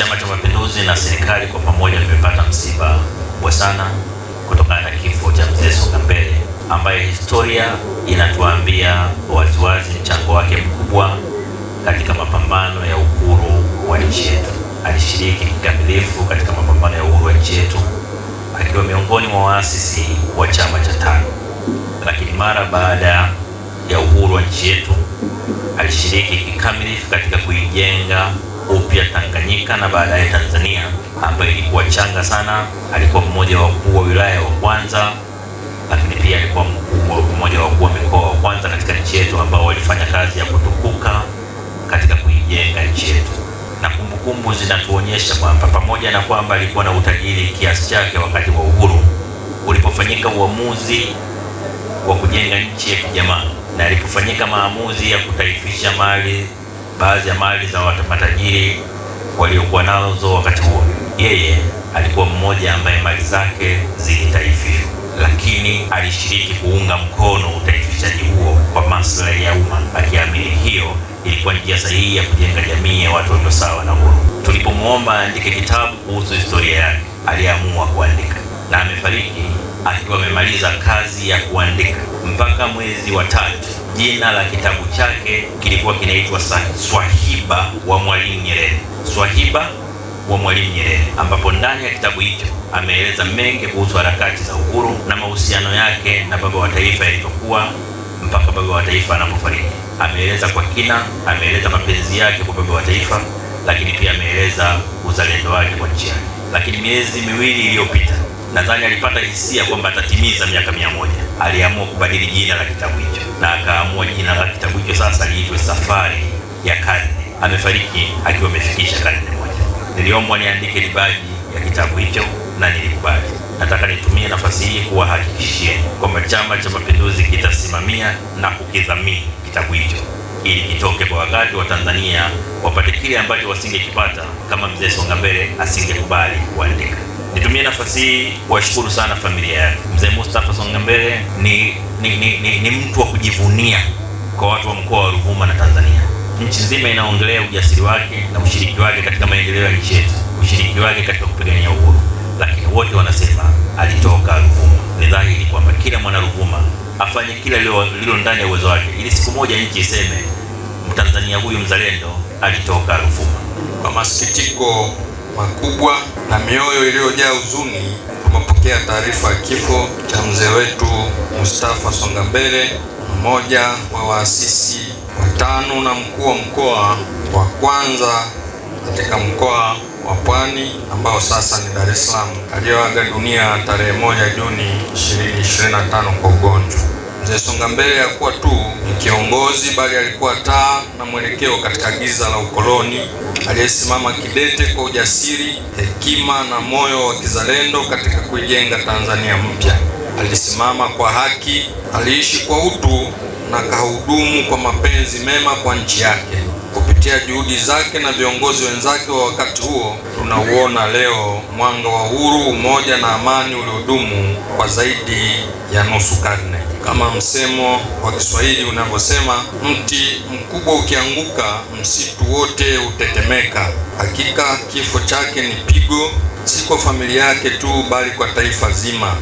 Chama cha Mapinduzi na serikali kwa pamoja limepata msiba mkubwa sana kutokana na kifo cha mzee Songa Mbele ambaye historia inatuambia waziwazi mchango wake mkubwa katika mapambano ya uhuru wa nchi yetu. Alishiriki kikamilifu katika mapambano ya uhuru wa nchi yetu akiwa miongoni mwa waasisi wa chama cha tano lakini mara baada ya uhuru wa nchi yetu alishiriki kikamilifu katika kuijenga upya Tanganyika na baadaye Tanzania, ambaye ilikuwa changa sana. Alikuwa mmoja wa wakuu wa wilaya wa kwanza, lakini pia alikuwa mmoja wa wakuu wa mikoa wa kwanza katika nchi yetu, ambao walifanya kazi ya kutukuka katika kuijenga nchi yetu, na kumbukumbu zinatuonyesha kwamba pamoja na kwamba alikuwa na utajiri kiasi chake, wakati wa uhuru ulipofanyika uamuzi wa kujenga nchi ya kijamaa na alipofanyika maamuzi ya kutaifisha mali baadhi ya mali za matajiri waliokuwa nazo wakati huo. Yeye alikuwa mmoja ambaye mali zake zilitaifishwa, lakini alishiriki kuunga mkono utaifishaji huo kwa maslahi ya umma, akiamini hiyo ilikuwa njia sahihi ya kujenga jamii ya watu walio sawa na huru. Tulipomwomba aandike kitabu kuhusu historia yake, aliamua kuandika na amefariki akiwa amemaliza kazi ya kuandika mpaka mwezi wa tatu Jina la kitabu chake kilikuwa kinaitwa Swahiba wa Mwalimu Nyerere, Swahiba wa Mwalimu Nyerere, ambapo ndani ya kitabu hicho ameeleza mengi kuhusu harakati za uhuru na mahusiano yake na baba wa taifa yalivyokuwa mpaka baba wa taifa anapofariki. Ameeleza kwa kina, ameeleza mapenzi yake kwa baba wa taifa, lakini pia ameeleza uzalendo wake kwa nchi yake. Lakini miezi miwili iliyopita nadhani alipata hisia kwamba atatimiza miaka mia moja. Aliamua kubadili jina la kitabu hicho na akaamua jina la kitabu hicho sasa liitwe Safari ya Karne. Amefariki akiwa amefikisha karne moja. Niliombwa niandike libaji ya kitabu hicho na nilikubali. Nataka nitumie nafasi hii kuwahakikishia kwamba Chama cha Mapinduzi kitasimamia na kukidhamini kitabu hicho ili kitoke kwa wakati wa Tanzania wapate kile ambacho wasingekipata kama mzee Songa Mbele asingekubali kuandika. Nitumie nafasi hii kuwashukuru sana familia yake mzee Mustafa Songambele. Ni, ni, ni, ni, ni mtu wa kujivunia kwa watu wa mkoa wa Ruvuma na Tanzania. Nchi nzima inaongelea ujasiri wake na ushiriki wake katika maendeleo ya nchi yetu, ushiriki wake katika kupigania uhuru, lakini wote wanasema alitoka Ruvuma. Ni dhahiri kwamba kila mwana Ruvuma afanye kila lilo ndani ya uwezo wake ili siku moja nchi iseme Mtanzania huyu mzalendo alitoka Ruvuma. Kwa masikitiko makubwa na mioyo iliyojaa huzuni tumepokea taarifa ya kifo cha mzee wetu Mustafa Songambele, mmoja wa waasisi watano na mkuu wa mkoa wa kwanza katika mkoa wa Pwani ambao sasa ni Dar es Salaam, aliyoaga dunia tarehe moja Juni 2025 kwa ugonjwa. Mzee Songa Mbele hakuwa tu kiongozi, bali alikuwa taa na mwelekeo katika giza la ukoloni, aliyesimama kidete kwa ujasiri, hekima na moyo wa kizalendo katika kuijenga Tanzania mpya. Alisimama kwa haki, aliishi kwa utu na kahudumu kwa mapenzi mema kwa nchi yake. Kupitia juhudi zake na viongozi wenzake wa wakati huo tunauona leo mwanga wa uhuru, umoja na amani uliodumu kwa zaidi ya nusu karne. Kama msemo wa Kiswahili unavyosema, mti mkubwa ukianguka, msitu wote hutetemeka. Hakika kifo chake ni pigo, si kwa familia yake tu, bali kwa taifa zima.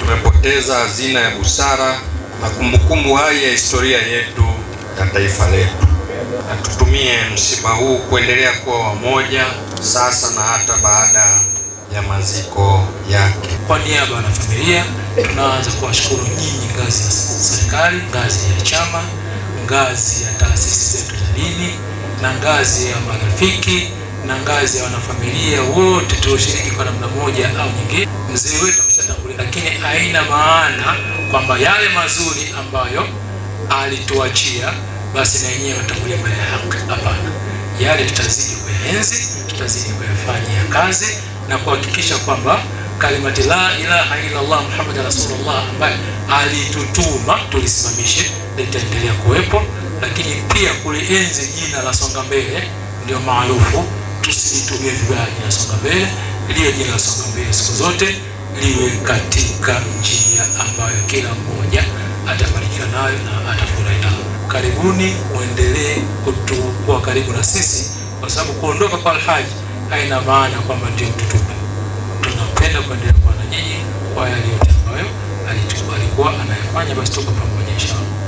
Tumepoteza hazina ya busara na kumbukumbu hai ya historia yetu ya taifa letu atutumie msiba huu kuendelea kuwa wamoja sasa na hata baada ya maziko yake. Kwa niaba ya wanafamilia, tunaanza kuwashukuru nyinyi, ngazi ya serikali, ngazi ya chama, ngazi ya taasisi zetu za dini na ngazi ya marafiki na ngazi ya wanafamilia wote tulioshiriki kwa namna moja au nyingine. Mzee wetu ameshatangulia, lakini haina maana kwamba yale mazuri ambayo alituachia basi na yenyewe watangulia mbele ya haki. Hapana, yale tutazidi kuenzi, tutazidi kuyafanyia kazi na kuhakikisha kwamba kalimati la ilaha illa Allah Muhammad rasulullah ambaye alitutuma tulisimamishe, litaendelea kuwepo, lakini pia kulienzi jina la songa mbele, ndio maarufu. Tusilitumie vibaya jina songa mbele, liyo jina la songa mbele siku zote liwe katika mbinguni uendelee kuwa karibu na sisi, kwa sababu kuondoka kwa Alhaji haina maana kwamba ndio mtutupe. Tunapenda kuendelea kuwa na nyinyi kwa yale yote ambayo alikuwa anayafanya, basi tuko pamoja inshallah.